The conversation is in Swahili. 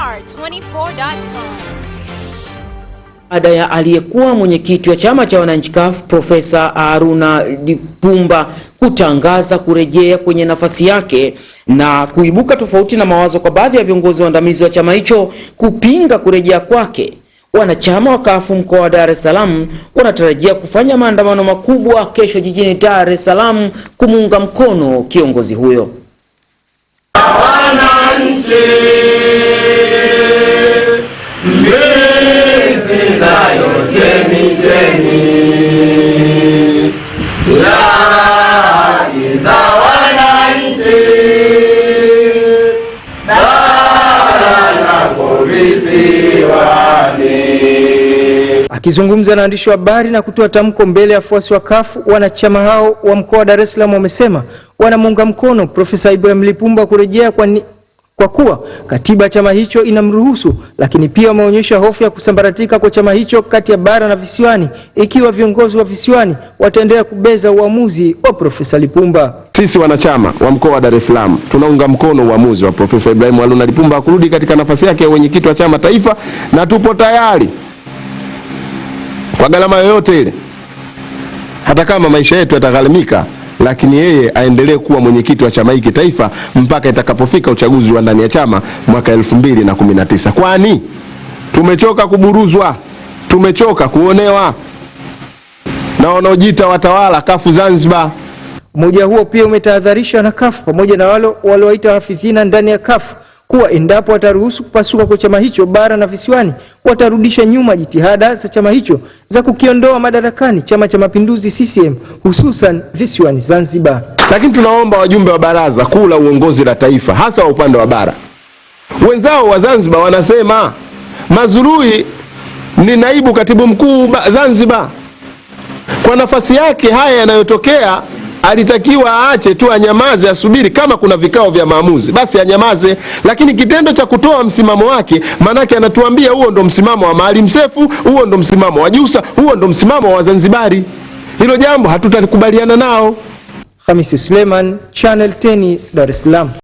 star24.com. Baada ya aliyekuwa mwenyekiti wa chama cha wananchi CUF Profesa Haruna Lipumba kutangaza kurejea kwenye nafasi yake na kuibuka tofauti na mawazo kwa baadhi ya viongozi waandamizi wa chama hicho kupinga kurejea kwake, wanachama wa CUF mkoa wa Dar es Salaam wanatarajia kufanya maandamano makubwa kesho jijini Dar es Salaam kumuunga mkono kiongozi huyo. mbinzi nayo chemichemi za wananchi, bara lako visiwani. Akizungumza na waandishi wa habari na kutoa tamko mbele ya wafuasi wa kafu, wanachama hao wa mkoa wa Dar es Salaam wamesema wanamuunga mkono Profesa Ibrahim Lipumba kurejea kwa ni kwa kuwa katiba ya chama hicho inamruhusu, lakini pia wameonyesha hofu ya kusambaratika kwa chama hicho kati ya bara na visiwani, ikiwa viongozi wa visiwani wataendelea kubeza uamuzi wa Profesa Lipumba. Sisi wanachama wa mkoa wa Dar es Salaam tunaunga mkono uamuzi wa Profesa Ibrahim aluna Lipumba kurudi katika nafasi yake ya wenyekiti wa chama taifa, na tupo tayari kwa gharama yoyote ile, hata kama maisha yetu yatagharimika lakini yeye aendelee kuwa mwenyekiti wa chama hiki taifa mpaka itakapofika uchaguzi wa ndani ya chama mwaka 2019 kwani tumechoka kuburuzwa, tumechoka kuonewa na wanaojiita watawala kafu Zanzibar. Umoja huo pia umetahadharisha na kafu pamoja na wale walioita hafidhina ndani ya kafu kuwa endapo wataruhusu kupasuka kwa chama hicho bara na visiwani, watarudisha nyuma jitihada za chama hicho za kukiondoa madarakani Chama cha Mapinduzi CCM hususan visiwani Zanzibar. Lakini tunaomba wajumbe wa Baraza Kuu la Uongozi la Taifa, hasa wa upande wa bara, wenzao wa Zanzibar wanasema Mazurui ni naibu katibu mkuu Zanzibar, kwa nafasi yake haya yanayotokea alitakiwa aache tu anyamaze, asubiri kama kuna vikao vya maamuzi, basi anyamaze. Lakini kitendo cha kutoa msimamo wake, maanake anatuambia huo ndo msimamo wa Maalim sefu huo ndo msimamo wa Jusa, huo ndo msimamo wa Wazanzibari. Hilo jambo hatutakubaliana nao. Hamisi Suleiman, Channel 10, Dar es Salaam.